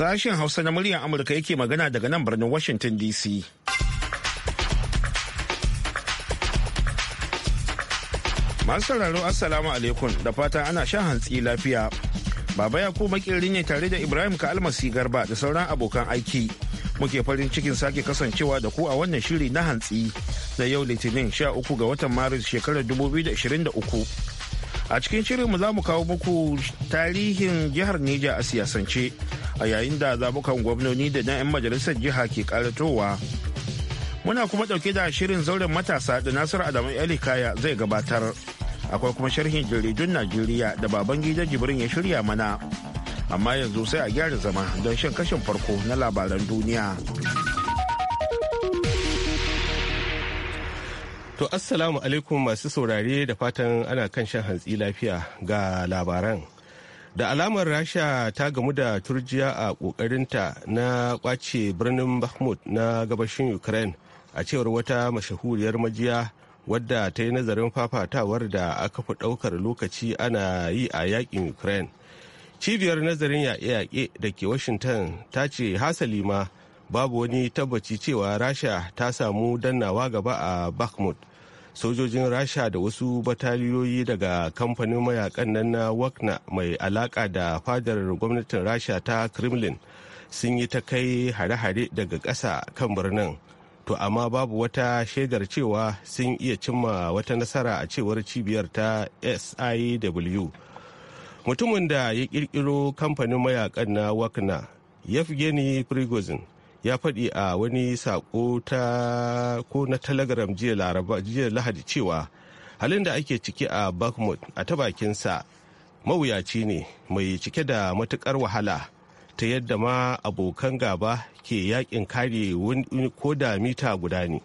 Sashen Hausa na muryar Amurka yake magana daga nan birnin Washington DC. Masu sauraro Assalamu alaikum da fata ana shan hantsi lafiya. Baba Yakubu makirin ne tare da Ibrahim Kalmasi Garba da sauran abokan aiki. Muke farin cikin sake kasancewa da ku a wannan shiri na hantsi da yau Litinin 13 ga watan Maris shekarar 2023. a cikin shirinmu za mu kawo muku tarihin jihar Neja a siyasance a yayin da zabukan gwamnoni da na 'yan majalisar jiha ke karatowa. Muna kuma dauke da shirin zauren matasa da Nasiru Adamu kaya zai gabatar. Akwai kuma sharhin jaridun Najeriya da baban gidan Jibrin ya shirya mana. Amma yanzu sai a gyara zama don shan kashin farko na labaran duniya. To assalamu alaikum masu saurare da fatan ana kan shan hantsi lafiya ga labaran. Da alamar Rasha ta gamu da turjiya a kokarinta na kwace birnin Bakhmut na gabashin Ukraine a cewar wata mashahuriyar majiya wadda ta yi nazarin fafatawar da aka fi ɗaukar lokaci ana yi a yakin Ukraine. Cibiyar nazarin yaƙe-yaƙe da ke Washington ta ce hasali ma babu wani tabbaci cewa Rasha ta samu dannawa gaba a Bakhmut. sojojin rasha da wasu bataliyoyi daga kamfanin mayakan nan na wakna mai alaka da fadar gwamnatin rasha ta kremlin sun yi ta kai hare-hare daga ƙasa kan birnin to amma babu wata shaidar cewa sun iya cimma wata nasara a cewar cibiyar ta siw mutumin da ya kirkiro kamfanin mayakan na wakna yafgeni prigozin ya faɗi a wani saƙo ta ko na telegram jiya lahadi cewa halin da ake ciki a bakhmut a ta bakin sa mawuyaci ne mai cike da matukar wahala ta yadda ma abokan gaba ke yakin kare ko da mita guda ne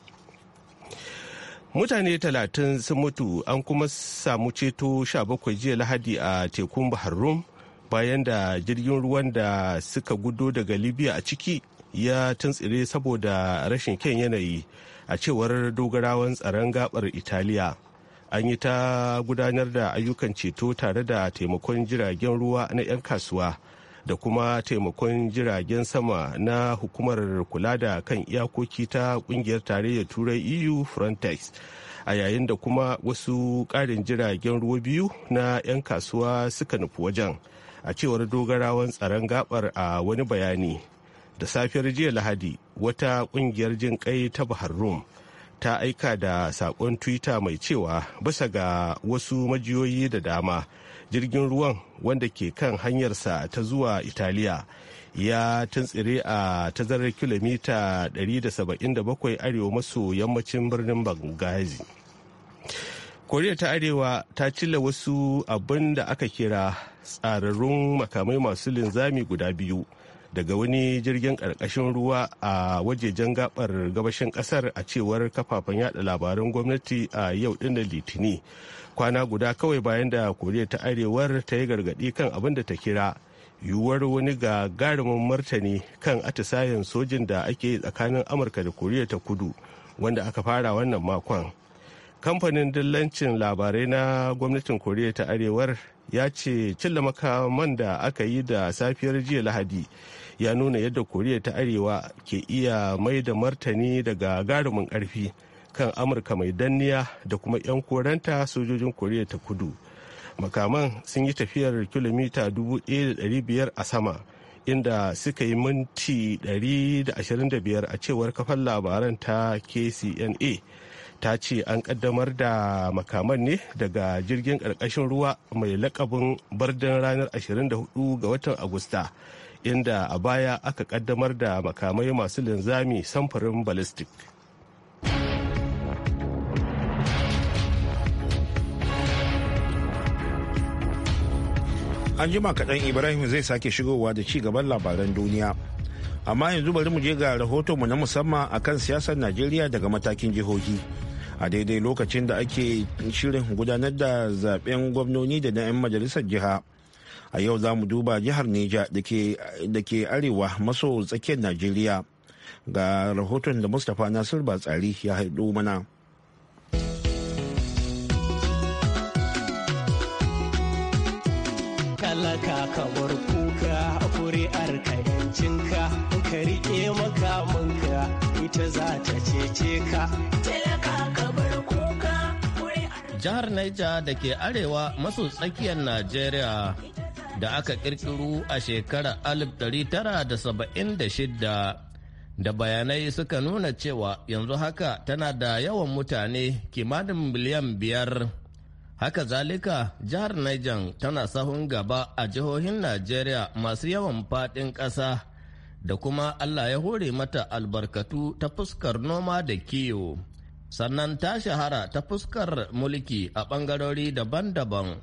mutane talatin sun mutu an kuma samu ceto 17 jiya lahadi a tekun bahar rum bayan da jirgin ruwan da suka gudo daga libya a ciki ya tuntsire saboda rashin kyan yanayi a cewar dogarawan tsaron gabar italiya an yi ta gudanar da ayyukan ceto tare da taimakon jiragen ruwa na 'yan kasuwa da kuma taimakon jiragen sama na hukumar kula da kan iyakoki ta kungiyar tarayyar turai eu frontex a yayin da kuma wasu ƙarin jiragen ruwa biyu na 'yan kasuwa suka nufi wajen a cewar dogarawan tsaron gabar a wani bayani da safiyar jiya lahadi wata kungiyar jin kai ta bahar rum ta aika da saƙon twitter mai cewa bisa ga wasu majiyoyi da dama jirgin ruwan wanda ke kan hanyarsa ta zuwa italiya ya tuntsire a tazarar kilomita 177 arewa maso yammacin birnin bangazi koriya ta arewa ta cilla wasu abin da aka kira tsararrun makamai masu linzami guda biyu daga wani jirgin ƙarƙashin ruwa a wajejen gabar gabashin ƙasar a cewar kafafen yada labaran gwamnati a yau ɗin litini kwana guda kawai bayan da koriya ta arewar ta yi gargaɗi kan abin da ta kira yiwuwar wani ga gagarumin martani kan atisayen sojin da ake tsakanin amurka da koriya ta kudu wanda aka fara wannan makon kamfanin dillancin labarai na gwamnatin koriya ta arewar ya ce cilla makaman da aka yi da safiyar jiya lahadi ya nuna yadda koriya ta arewa ke iya mai da martani daga garumin karfi kan amurka mai danniya da kuma 'yan koranta sojojin koriya ta kudu makaman sun yi tafiyar kilomita 1,500 a sama inda suka yi minti 125 a cewar kafar labaran ta kcna ta ce an kaddamar da makaman ne daga jirgin ƙarƙashin ruwa mai lakabin bardin ranar 24 ga watan agusta inda a baya aka kaddamar da makamai masu linzami samfurin ballistic an jima kaɗan ibrahim zai sake shigowa da ci gaban labaran duniya amma yanzu bari mu je ga rahoton mu na musamman akan siyasar najeriya daga matakin jihohi a daidai lokacin da ake shirin gudanar da zaben gwamnoni da na 'yan majalisar jiha a yau za mu duba jihar nija da ke arewa maso tsakiyar najeriya ga rahoton da mustapha nasir batsari ya haɗu mana talaka ka bar kuka ka ka makamanka ita za ta cece ka jihar Niger da ke arewa maso tsakiyar Najeriya da aka kirkiru a shekarar 1976 da bayanai suka nuna cewa yanzu haka tana da yawan mutane kimanin miliyan biyar. Haka zalika jihar Niger tana sahun gaba a jihohin Najeriya masu yawan faɗin ƙasa da kuma Allah ya hore mata albarkatu ta fuskar noma da kiyo sannan ta shahara ta fuskar mulki a ɓangarori daban-daban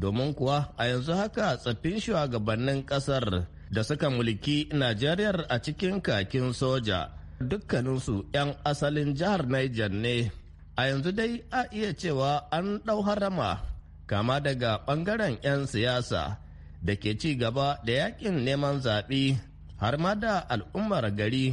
domin kuwa a yanzu haka tsaffin shugabannin ƙasar da suka mulki Najeriya a cikin kakin soja dukkaninsu 'yan asalin jihar Niger ne a yanzu dai a iya cewa an ɗau harama kama daga ɓangaren 'yan siyasa da ke ci gaba da yakin neman zaɓi, har ma da al'ummar gari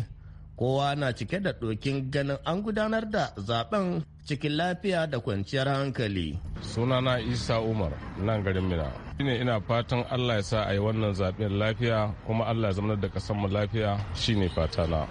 kowa na cike da ɗokin ganin an gudanar da zaben cikin lafiya da kwanciyar hankali sunana isa umar nan garin mina shine ina fatan allah ya sa a yi wannan zaɓen lafiya kuma allah ya zama da kasan mu lafiya shine fata na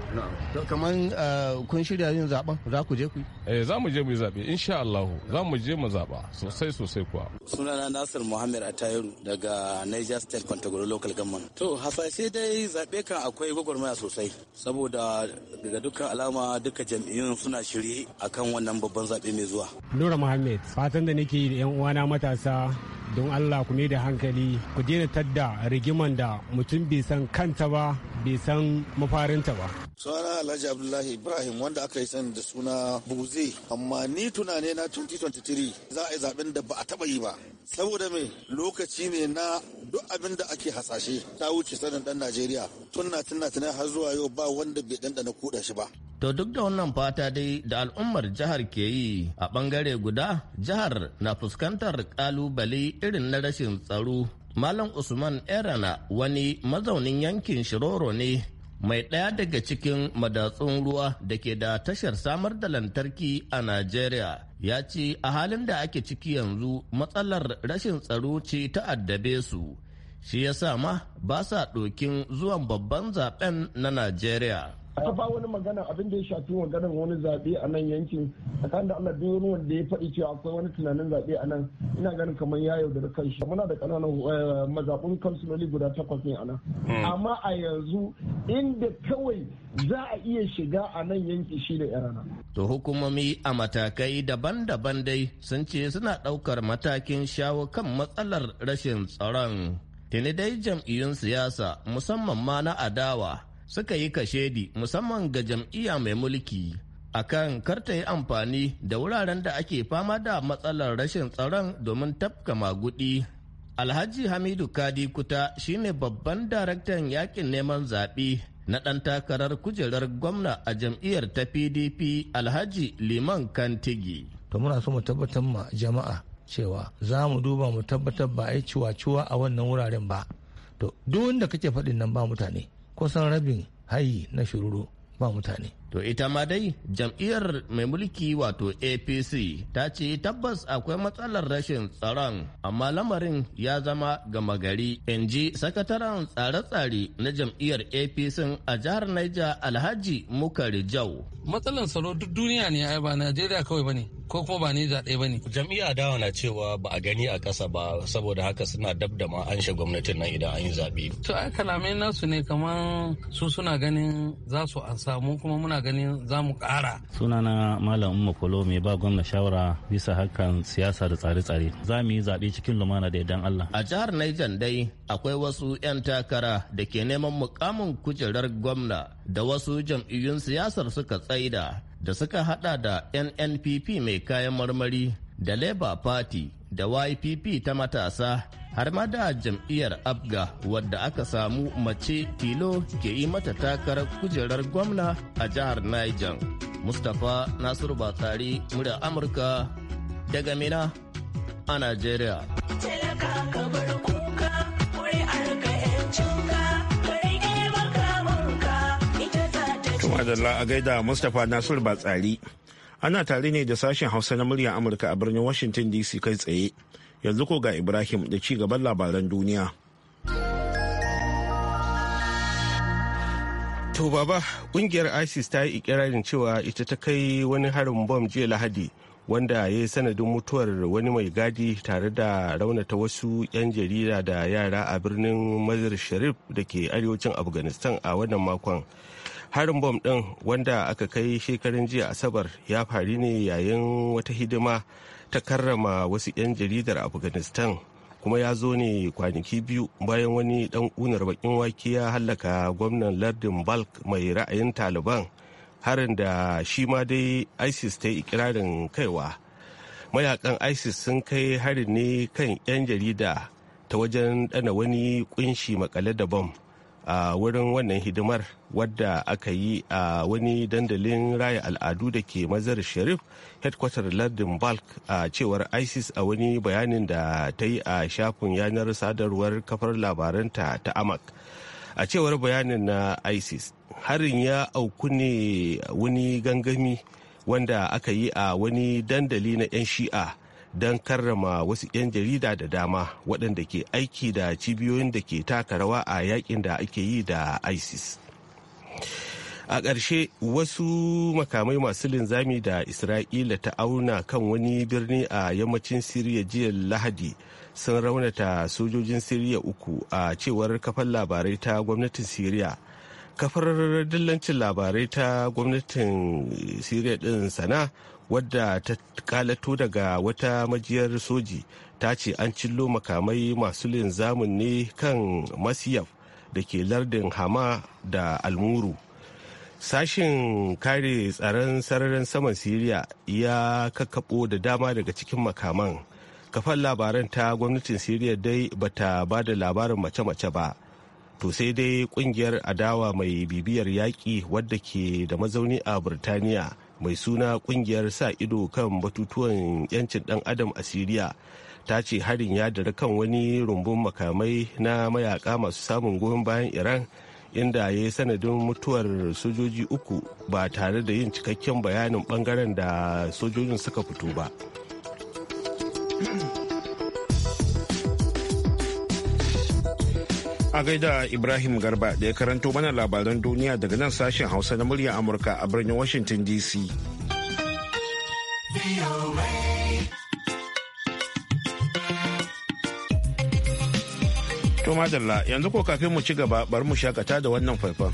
kamar eh, kun shirya yin zaben za ku je ku eh za mu je mu yi zaɓe insha allah za mu je mu zaɓa sosai sosai kuwa sunana nasir muhammad atayiru daga niger state kwantagoro local government to hasashe dai zaɓe kan akwai gwagwarmaya sosai saboda daga dukkan alama duka jam'iyyun suna shiri akan wannan babban zaɓe mai zuwa nura muhammad fatan da nake yi da yan uwana matasa don allah ku da da hankali ku daina tadda rigiman da mutum bai san kanta ba bai san mafarinta ba suna alhaji abdullahi ibrahim wanda aka yi sani da suna buze amma ni tunane na 2023 za a yi zaben da ba a taba yi ba saboda mai lokaci ne na duk abin da ake hasashe ta wuce sanin dan najeriya tun na tun na har zuwa yau ba wanda bai dandana kuɗa shi ba To duk da wannan fata dai da al'ummar jihar ke yi a bangare guda jihar na fuskantar kalubale irin na rashin tsaro malam usman erana wani mazaunin yankin shiroro ne mai ɗaya daga cikin madatsun ruwa da ke da tashar samar da lantarki a najeriya ya ce a halin da ake ciki yanzu matsalar rashin tsaro ce ta addabe su shi ya sa ma ba sa ɗokin zuwan babban zaben na najeriya a ba wani magana abin da ya shafi maganar wani zaɓe a nan yankin kan da Allah duk wani wanda ya faɗi cewa akwai wani tunanin zaɓe a nan ina ganin kamar ya yaudar kan shi muna da ƙananan eh, mazaɓun kansuloli guda takwas ne a nan hmm. amma a yanzu inda kawai za a iya shiga a nan yanki shi da yarana. To hukumomi a matakai daban-daban dai sun ce suna ɗaukar matakin shawo kan matsalar rashin tsaron. Tuni dai jam'iyyun siyasa musamman ma na adawa suka yi kashedi musamman ga jam'iyya mai mulki akan karta yi amfani da wuraren da ake fama da matsalar rashin tsaron domin tafka magudi alhaji hamidu kadi kuta shine babban daraktan yakin neman zaɓe na ɗan takarar kujerar gwamna a jam'iyyar ta pdp alhaji liman kantigi to muna so mu tabbatar ma jama'a cewa za mu duba mu tabbatar ba a yi ciwa-ciwa a wannan wuraren ba to duk wanda kake faɗin nan ba mutane kusan rabin hayi na shiruro ba mutane To ita ma dai jam'iyyar mai mulki wato APC ta ce tabbas akwai matsalar rashin tsaron amma lamarin ya zama gama gari. In ji sakataren tsare-tsare na jam'iyyar APC a jihar Niger Alhaji Mukari Jau. Matsalar tsaro duk duniya ne ai ba Najeriya kawai bane ko kuma ba Niger ɗaya bane. Jam'iyyar dawa na cewa ba a gani a ƙasa ba saboda haka suna dab da ma an gwamnatin nan idan an yi zaɓe. To ai kalamai nasu ne kamar su suna ganin za su an samu kuma muna muna ganin za mu ƙara. sunana malam umma kolo mai ba gwamna shawara bisa hakan siyasa da tsare-tsare za mu yi zaɓe cikin lumana da idan allah a jihar niger dai akwai wasu 'yan takara da ke neman mukamin kujerar gwamna da wasu jam'iyyun siyasar suka tsaida da suka hada da nnpp mai kayan marmari da labour party da ypp ta matasa har ma da jam'iyyar abga wadda aka samu mace tilo ke yi mata takarar kujerar gwamna a jihar niger mustapha nasiru batari murya amurka daga mina a nigeria Madalla a gaida Mustapha Nasiru Batsari. Ana tare ne da sashen Hausa na murya Amurka a birnin Washington DC kai tsaye. yanzu ko ga ibrahim da ci gaban labaran duniya to baba kungiyar isis ta yi ikirarin cewa ita ta kai wani harin bom jiya lahadi wanda ya yi sanadin mutuwar wani mai gadi tare da raunata wasu 'yan jarida da yara a birnin mazar sharif da ke arewacin afghanistan a wannan makon harin bom ɗin wanda aka kai shekarun jiya asabar ya faru ne yayin wata hidima ta karrama wasu 'yan jaridar afghanistan kuma ya zo ne kwanaki biyu bayan wani dan unar bakin wake ya hallaka gwamnan lardin balk mai ra'ayin taliban harin da shi ma dai isis ta yi ikirarin kaiwa mayakan isis sun kai harin ne kan 'yan jarida ta wajen dana wani kunshi makale da bom. a wurin wannan hidimar wadda aka yi a wani dandalin raya al'adu da ke mazar sharif headquarter lardin balk a cewar isis a wani bayanin da ta yi a shafin yanar sadarwar kafar labaranta ta amak a cewar bayanin na isis harin ya auku ne wani gangami wanda aka yi a wani dandali na 'yan shi'a don karrama wasu 'yan jarida da dama waɗanda ke aiki da cibiyoyin da ke taka rawa a yakin da ake yi da isis a ƙarshe wasu makamai masu linzami da isra'ila ta auna kan wani birni a yammacin siriya jiya lahadi sun raunata sojojin siriya uku a cewar kafar labarai ta gwamnatin siriya kafar dillancin labarai ta gwamnatin siriya din sana wadda ta kalato daga wata majiyar soji ta ce an cillo makamai masu linzamin ne kan masiyaf da ke lardin hama da almuru sashin kare tsaron sararin saman siriya ya kakkaɓo da dama daga cikin makaman kafan labaran ta gwamnatin siriya dai bata ba da labarin mace-mace ba to sai dai kungiyar adawa mai bibiyar yaƙi wadda ke da mazauni a burtaniya mai suna kungiyar sa ido kan batutuwan 'yancin dan adam a siriya ta ce harin ya dare kan wani rumbun makamai na mayaka masu samun goyon bayan iran inda ya yi sanadin mutuwar sojoji uku ba tare da yin cikakken bayanin bangaren da sojojin suka fito ba. A gaida Ibrahim Garba da ya karanto mana labaran duniya daga nan sashen Hausa na murya Amurka a birnin Washington DC. To madalla yanzu ko kafin mu ci gaba bari mu shakata da wannan faifan.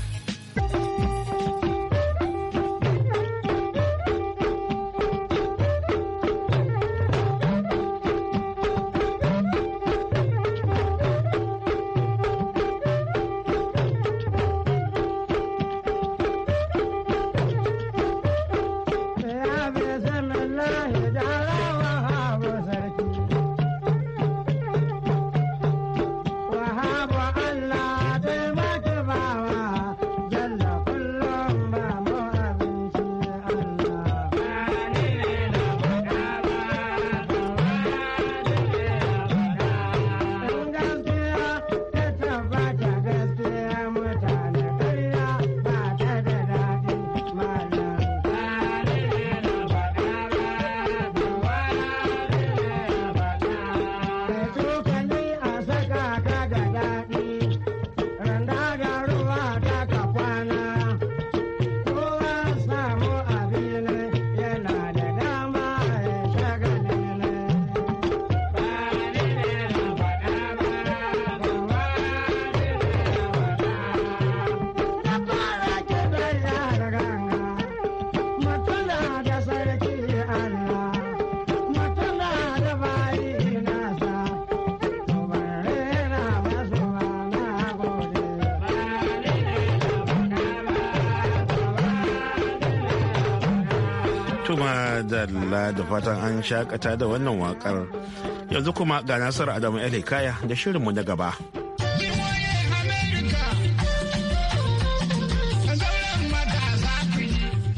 da fatan an shakata da wannan wakar. Yanzu kuma ga Nasiru Adamu Kaya da shirinmu na gaba.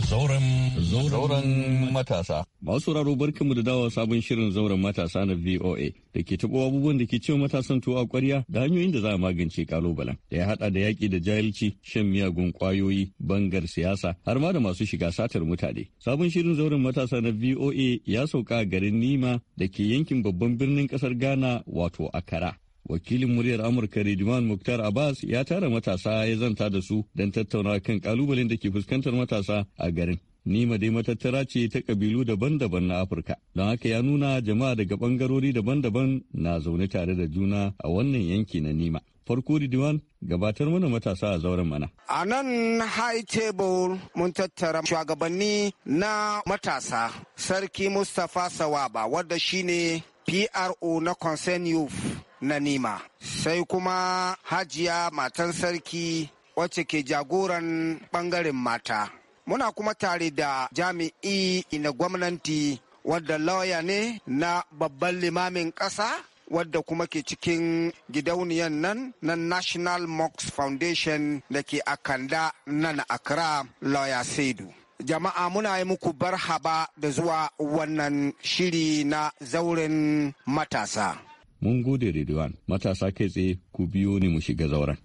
Zauren matasa. Masu sauraro barkanmu da dawa sabon shirin zauren matasa na VOA da ke tabo abubuwan da ke cewa matasan tuwa a kwarya da hanyoyin da za a magance kalubalen da ya haɗa da yaƙi da jahilci, shan miyagun kwayoyi bangar siyasa har ma da masu shiga satar mutane. Sabon shirin zauren matasa na VOA ya sauka garin Nima da ke yankin babban birnin ƙasar Ghana wato Akara. wakilin muryar amurka Ridwan mukhtar abbas ya tara matasa ya zanta da su don tattauna kan kalubalen da ke fuskantar matasa a garin Nima dai matattara ce ta kabilu daban-daban na Afirka, don haka ya nuna jama'a daga bangarori daban-daban na zaune tare da juna a wannan yanki na Nima. Farko Ridwan gabatar mana matasa a zauren mana. A nan high table mun tattara shugabanni na matasa, Sarki Mustapha Sawaba wadda shine PRO na Concern Youth na Nima. Sai kuma Hajiya matan sarki wacce ke jagoran bangaren mata. Muna kuma tare da jami'i na gwamnati wadda lauya ne na babban limamin ƙasa wadda kuma ke cikin gidauniyan nan na National Mox Foundation da ke Akanda nan Accra lauya Saidu. Jama'a muna yi muku barhaba da zuwa wannan shiri na zauren matasa. Mun gode da matasa kai tsaye ku biyo ne mu shiga zauren.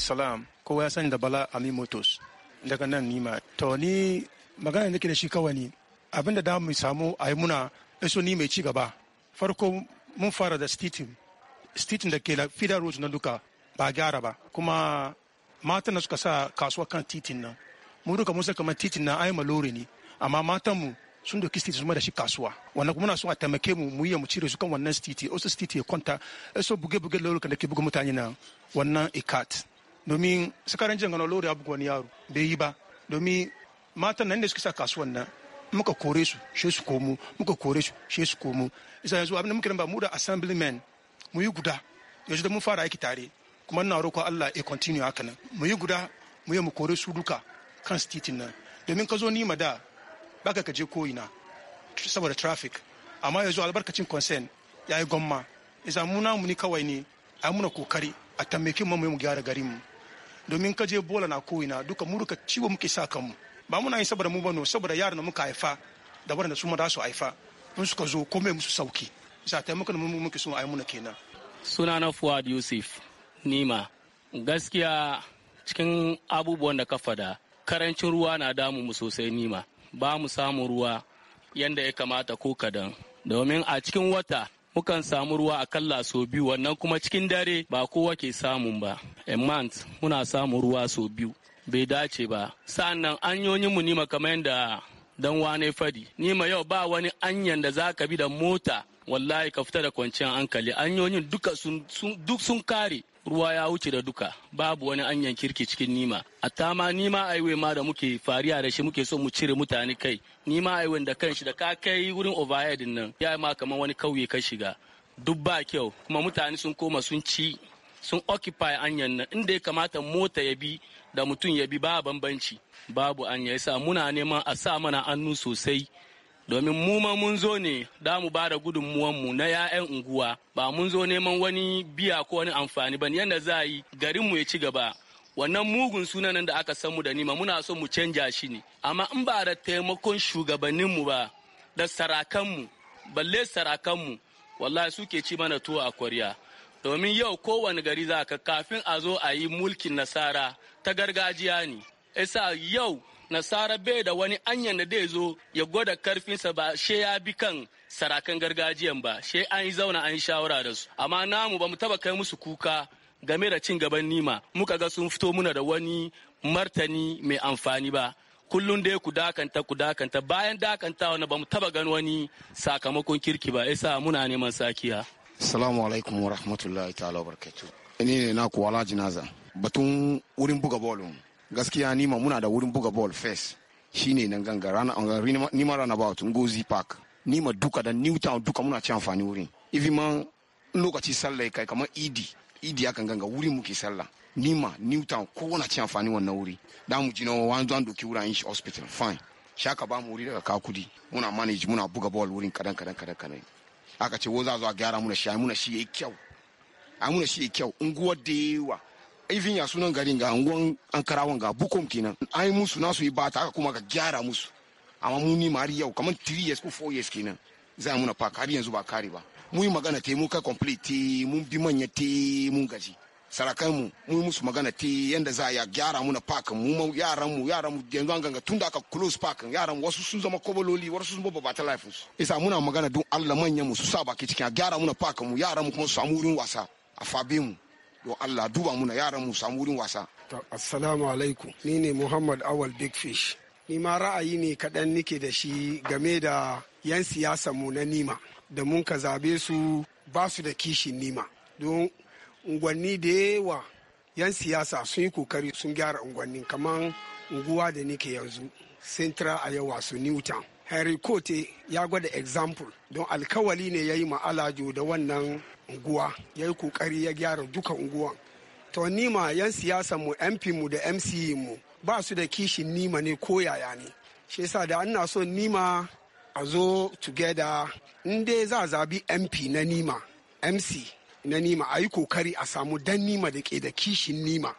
salam kowa ya sani da bala ali motos daga nan nima to ni magana nake da shi kawai ne abinda da mu samu a yi muna iso ni mai ci gaba farko mun fara da stitin stitin da ke da fida road na duka ba gyara ba kuma matan da suka sa kasuwa kan titin nan mu duka mun kamar titin na ayi malore ne amma matan mu sun doki titi su da shi kasuwa wannan kuma na son a taimake mu mu yi mu cire su kan wannan stiti osu stiti ya kwanta iso buge buge lalurka da ke buga mutane na wannan ikat domin sakarin jin gano lori abu wani yaro bai yi ba domin matan nan da suke sa kasuwan nan muka kore su she su komo muka kore su she su komo isa yanzu abin da muka ba mu da men mu yi guda yanzu da mun fara aiki tare kuma na roƙon Allah ya continue haka nan mu yi guda mu yi mu kore su duka kan titin nan domin ka zo ma da baka ka je ko'ina saboda traffic amma yanzu albarkacin concern ya yi gwamma isa mu mu ni kawai ne a muna kokari a tambaye mu mu gyara garin mu domin ka je bola na ko'ina duka mu duka ciwo muke sa kanmu ba muna yin saboda mu bano saboda yaran da muka haifa da waɗanda su ma za su haifa in suka zo komai musu sauki za ta muka mu muke so a yi muna kenan suna na Fuad Yusuf Nima gaskiya cikin abubuwan da ka fada karancin ruwa na damu mu sosai Nima ba mu samun ruwa yanda ya kamata ko kadan domin a cikin wata mukan samu ruwa a kalla sau biyu wannan kuma cikin dare ba kowa ke samun ba emmant muna samun ruwa sau biyu bai dace ba sa'annan anyoyin mu nima kamar yadda dan wane fadi nima yau ba wani anyan da za ka bi da mota wallahi ka fita da kwanciyar hankali anyoyin duka sun kare ruwa ya wuce da duka babu wani anyan kirki cikin nima a ma nima aiwe ma da muke fariya da shi muke so mu cire mutane kai nima aiwe da kanshi da ka kai wurin overhead nan ya ma kamar wani kauye ka shiga duk ba kyau kuma mutane sun koma sun ci sun occupy anyan nan inda ya kamata mota ya bi da mutum ya bi ba bambanci babu anya yasa muna neman a sa mana hannu sosai domin mu ma mun zo ne da mu ba da mu na 'ya'yan unguwa ba mun zo neman wani biya ko wani amfani ba yadda za a yi garin mu ya ci gaba wannan mugun sunanan da aka san mu da nima muna so mu canja shi ne amma in ba da taimakon shugabannin mu ba da sarakan mu balle mu wallahi suke ci mana tuwo a kwarya domin yau kowane gari za ka kafin a zo a yi mulkin nasara ta gargajiya ne yasa yau nasara bai da wani anyan da zai zo ya gwada karfinsa ba she ya bi kan sarakan gargajiyan ba she an yi zauna an yi shawara da su amma namu ba mu taba kai musu kuka game da cin gaban nima muka ga sun fito muna da wani martani mai amfani ba kullum dai ku dakanta ku dakanta bayan dakanta na ba mu taba gan wani sakamakon kirki ba yasa muna neman sakiya assalamu alaikum wa rahmatullahi ta'ala wa barakatuh ne ne ku wala jinaza batun wurin buga bolin gaskiya nima muna da wurin buga ball first shine nan ganga rana nima runabout ngozi park nima duka da newtown duka muna ci amfani wurin ifi ma lokaci sallah kai kamar idi idi akan ganga wurin muke sallah nima newtown kowane ci amfani wannan wuri da mu ji nawa wani zuwan doki wuraren shi hospital fine shaka ba mu wuri daga kakudi muna manage muna buga ball wurin kadan kadan kadan kadan aka ce wo za zo a gyara muna shi ai muna shi yayi kyau ai muna shi yayi kyau unguwar da yawa even ya sunan garin ga an karawan ga bukom kenan an yi musu nasu yi bata haka kuma ka gyara musu amma mu ni mari yau kaman 3 years ko 4 years kenan za muna fa kari yanzu ba kari ba mu yi magana te mu kai complete te mun bi manya te mun gaji sarakai mu mu yi musu magana te yanda za ya gyara muna park mu yaran mu yaran mu yanzu an ganga tunda aka close park yaran wasu sun zama kobololi wasu sun baba ta life su isa muna magana don Allah manyan mu su sa baki cikin a gyara muna park mu yaran mu kuma su samu wurin wasa a fabe mu don Allah duba muna yaran mu samu wurin wasa assalamu alaikum ni ne Muhammad Awal Big Fish ni ma ra'ayi ne kaɗan nike da shi game da 'yan siyasa mu na nima da mun ka zabe su ba su da kishin nima don unguwanni da yawa 'yan siyasa sun yi kokari sun gyara unguwanni kamar unguwa da nike yanzu central ayawa su newtown henry kote ya gwada example don alkawali ne ya yi ma da wannan unguwa ya yi kokari ya gyara duka unguwan to nima yan siyasa mu mp mu da mc mu ba su da kishin nima ne ko yaya ne shi yasa da ana so nima a zo together in dai za a zabi mp na nima mc na nima a yi kokari a samu dan nima da ke da kishin nima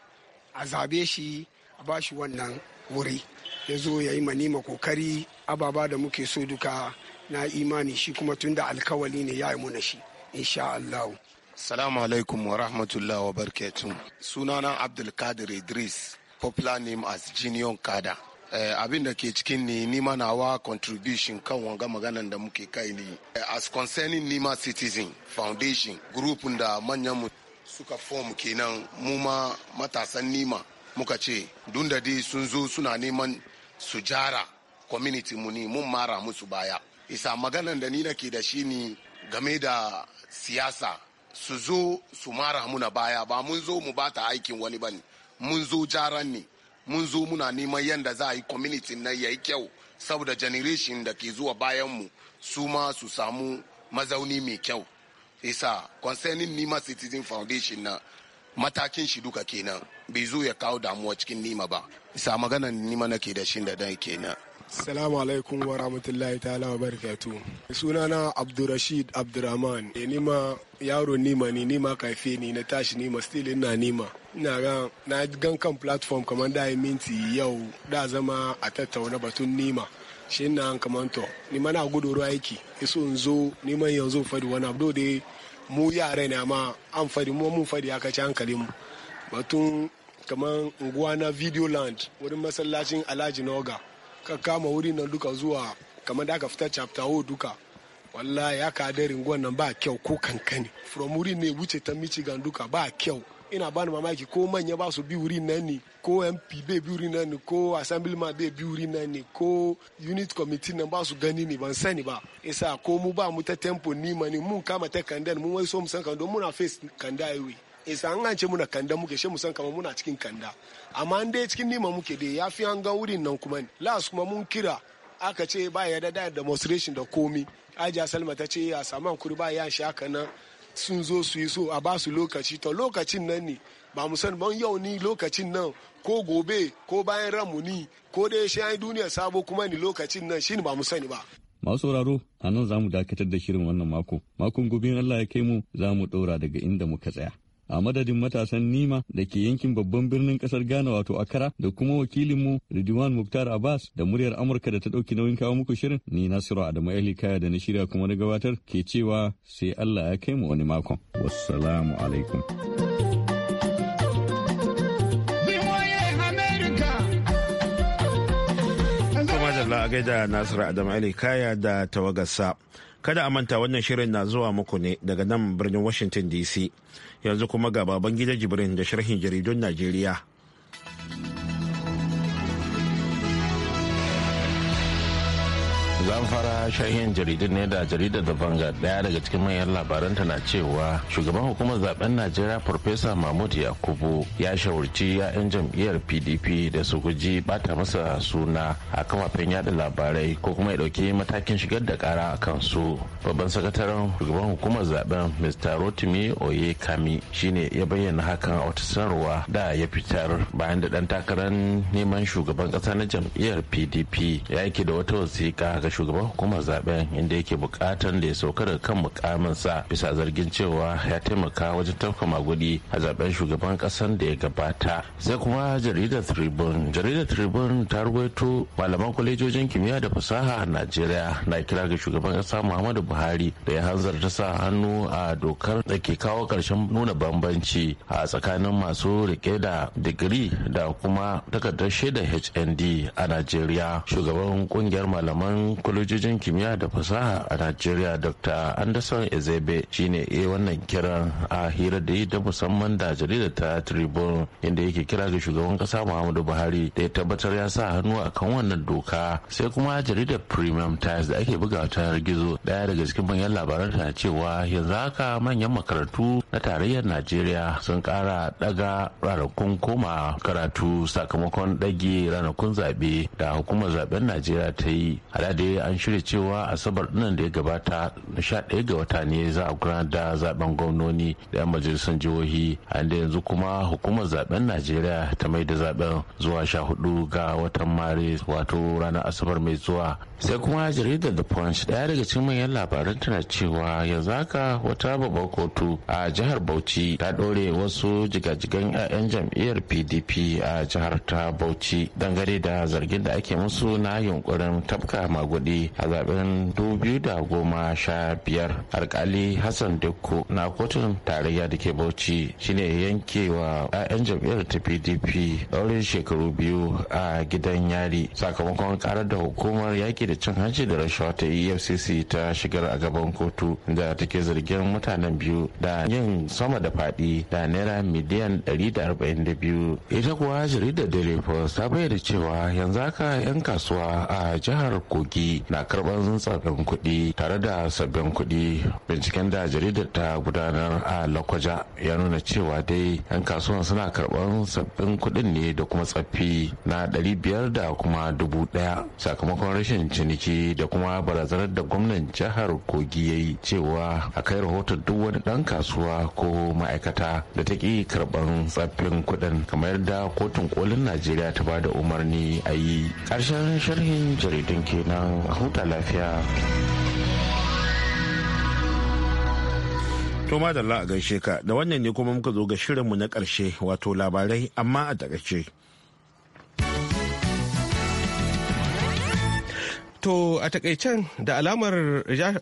a zabe shi a ba shi wannan wuri ya zo ya yi manima kokari ababa da muke so duka na imani shi kuma tunda alkawali ne ya yi na shi insha Allah. Salamu alaikum wa rahmatullahi wa barketu Sunana Abdulkadir Idris, popular name as Jinion Kada. Eh, abin da ke cikin ni nima nawa contribution kan wanga maganan da muke kai ni eh, as concerning nima citizen foundation group da manyan mu suka form kenan mu matasan nima muka ce da dai sun zo suna neman su jara community mu ne mun mara musu baya isa maganan da ni nake da shi ne game da siyasa su zo su mara muna baya ba mun zo mu bata aikin wani ba ne mun zo jaran ne mun zo muna neman yadda za a yi community na yayi kyau saboda generation da ke zuwa bayan mu su ma su samu mazauni mai kyau isa concerning nima citizen foundation na matakin shi duka kenan bai zo ya kawo damuwa cikin nima ba isa maganan nima ke da shi da dan kenan Salamu alaikum wa rahmatullahi ta'ala wa barakatu. Sunana Abdurrashid Abdurrahman. E eh, nima yaro nima ni nima kaife ni na tashi nima still ina nima. Ina ga na gan kan platform kamar da yi minti yau da zama a tattauna batun nima. Shi na kamar to ni na gudoro aiki. Iso in zo nima yanzu fadi wani abu da mu yare ne amma an fadi mu mun fadi aka ci hankali. mu. Batun kamar unguwa na Video Land. wurin masallacin Alhaji Noga. ka kama wuri nan duka zuwa kamar da aka fita chapter duka wallahi ya ka da ringon nan ba kyau ko kankani from wurin ne wuce ta michigan duka ba kyau ina ba ni mamaki ko manya ba su bi wurin nan ne ko mp bai bi wurin nan ne ko assemblyman bai bi wurin nan ne ko unit committee nan ba su gani ne ban sani ba isa ko mu ba mu ta tempo nima ne mun kama ta kandan mun wai so mu san kando muna face kanda aiwi in an an ce muna kanda muke shi musan kamar muna cikin kanda amma an dai cikin nima muke dai ya fi an ga wurin nan kuma las kuma mun kira aka ce ba ya da demonstration da komi aja salma ta ce ya samu hankuri ba ya shi haka nan sun zo su yi so a ba su lokaci to lokacin nan ne ba mu san ban yau ni lokacin nan ko gobe ko bayan ramu ni ko dai shi ai duniya sabo kuma ni lokacin nan shi ba mu sani ba masu sauraro a nan za mu dakatar da shirin wannan mako makon gobe Allah ya kai mu za mu ɗora daga inda muka tsaya a madadin matasan nima da ke yankin babban birnin kasar ghana wato akara da kuma wakilinmu ridwan muktar abbas da muryar amurka da ta ɗauki nauyin kawo muku shirin ni nasiru adamu ali kaya da na shirya kuma na gabatar ke cewa sai allah ya kai mu wani makon wassalamu alaikum Allah a gaida Nasiru Adamu Ali Kaya da tawagarsa. kada a manta wannan shirin na zuwa muku ne daga nan birnin washington dc yanzu kuma ga baban gida jibrin da sharhin jaridun najeriya zan fara shahin jaridar ne da jaridar da vanga daya daga cikin manyan ta na cewa shugaban hukumar zaben najeriya farfesa mahmud yakubu ya shawarci 'ya'yan jam'iyyar pdp da su guji bata masa suna a kafafen yada labarai ko kuma ya dauki matakin shigar da kara a kansu babban sakataren shugaban hukumar zaben mr rotimi oye kami shine ya bayyana hakan a wata sanarwa da ya fitar bayan da dan takarar neman shugaban kasa na jam'iyyar pdp ya yake da wata wasiƙa ga shugaban hukumar zaben inda yake bukatan da ya sauka daga kan mukaminsa bisa zargin cewa ya taimaka wajen tafka magudi a zaben shugaban kasan da ya gabata sai kuma jaridar tribune jaridar tribune ta ruwaito malaman kwalejojin kimiyya da fasaha a najeriya na kira ga shugaban kasa muhammadu buhari da ya hanzarta sa hannu a dokar da ke kawo karshen nuna bambanci a tsakanin masu rike da digiri da kuma takardar shaidar hnd a najeriya shugaban kungiyar malaman kwalejojin kimiyya da fasaha a najeriya dr anderson ezebe shine iya wannan kiran a hira da yi ta musamman da jaridar ta tribune inda yake kira ga shugaban kasa muhammadu buhari da ya tabbatar ya sa hannu akan wannan doka sai kuma jaridar premium times da ake buga ta gizo daya daga cikin manyan labaran ta cewa yanzu haka manyan makarantu na tarayyar najeriya sun kara daga ranakun koma karatu sakamakon dage ranakun zaɓe da hukumar zaben najeriya ta yi an shirya cewa asabar nan da ya gabata na sha ɗaya ga wata ne za a gudanar da zaben gwamnoni da 'yan majalisar jihohi a inda yanzu kuma hukumar zaben najeriya ta mai da zaben zuwa sha hudu ga watan maris wato ranar asabar mai zuwa sai kuma jaridar the punch daya daga cikin manyan labaran tana cewa yanzu haka wata babbar kotu a jihar bauchi ta ɗaure wasu jigajigan 'ya'yan jam'iyyar pdp a jihar ta bauchi dangane da zargin da ake musu na yunkurin tafka magudan kuɗi a zaben biyar alkali hassan dukku na kotun tarayya da ke bauchi shine yankewa 'ya'yan jam'iyyar ta pdp ɗaurin shekaru biyu a gidan yari sakamakon karar da hukumar yaƙi da cin hanci da rashawa ta efcc ta shigar a gaban kotu da take zargin mutanen biyu da yin sama da faɗi da naira miliyan 142 ita kuwa jaridar daily post ta bayyana cewa yanzu haka 'yan kasuwa a jihar kogi na karɓar tsarin kuɗi tare da sabbin kuɗi binciken da jaridar ta gudanar a lakwaja ya nuna cewa dai 'yan kasuwan suna karɓar sabbin kuɗin ne da kuma tsaffi na ɗari biyar da kuma dubu ɗaya sakamakon rashin ciniki da kuma barazanar da gwamnan jihar kogi ya yi cewa a kai rahoton duk wani ɗan kasuwa ko ma'aikata da ta ƙi karɓar tsaffin kuɗin kamar yadda kotun kolin najeriya ta ba da umarni a yi ƙarshen sharhin jaridun kenan a huta lafiya to da a gaishe ka da wannan ne kuma muka zo ga shirinmu na ƙarshe wato labarai amma a takaice. To a takaicen da alamar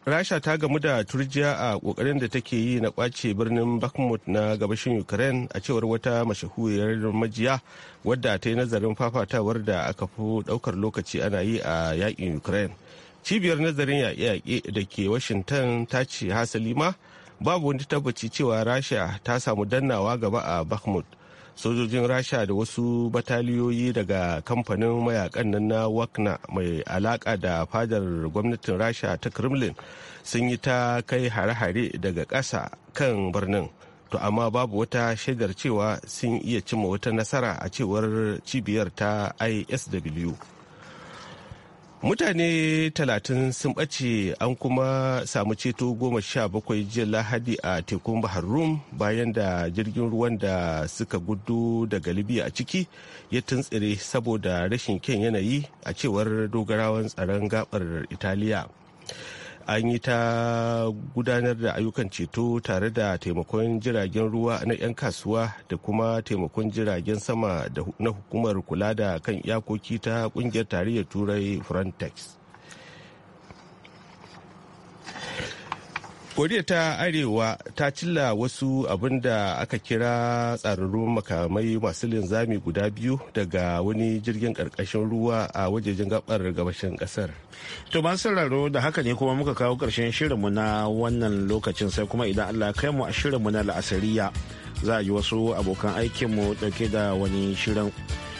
Rasha ta gamu da turjiya a kokarin da take yi na kwace birnin Bakhmut na gabashin Ukraine a cewar wata mashahuriyar majiya wadda ta yi nazarin fafatawar da aka fi daukar lokaci ana yi a yakin Ukraine. Cibiyar nazarin yaƙe-yaƙe da ke Washington ta ce hasali ma babu wani tabbaci cewa Rasha ta samu dannawa gaba a Bakhmut. sojojin rasha da wasu bataliyoyi daga kamfanin mayakan nan na wakna mai alaka da fadar gwamnatin rasha ta kremlin sun yi ta kai hare-hare daga ƙasa kan birnin to amma babu wata shaidar cewa sun iya cimma wata nasara a cewar cibiyar ta isw mutane talatin sun ɓace an kuma samu ceto goma sha bakwai jiya lahadi a tekun bahar rum bayan da jirgin ruwan da suka gudu daga libya a ciki ya tuntsire saboda rashin kyan yanayi a cewar dogarawan tsaron gabar italiya an yi ta gudanar da ayyukan ceto tare da taimakon jiragen ruwa na 'yan kasuwa da kuma taimakon jiragen sama na hukumar kula da kan iyakoki ta kungiyar tarayyar turai frontex koriya ta arewa ta cilla wasu abin da aka kira tsararrun makamai masu linzami guda biyu daga wani jirgin karkashin ruwa a wajejen gabar gabashin kasar to ban sauraro da haka ne kuma muka kawo karshen shirinmu na wannan lokacin sai kuma idan allah kai mu a shirinmu na la'asariya za a yi wasu abokan aikinmu dauke da wani shirin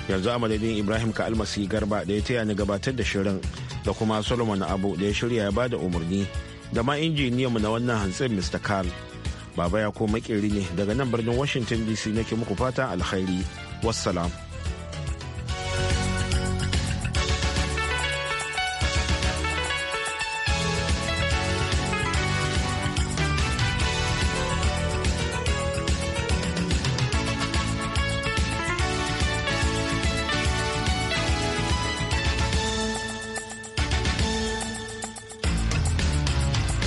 yanzu a madadin ibrahim ka almasi garba da ya taya ni gabatar da shirin da kuma solomon abu da ya shirya ya bada umarni da ma injiniyan mu na wannan hantsin Mr. Carl. Baba ya ko makeri ne daga nan birnin Washington DC nake muku fatan alkhairi. Wassalam.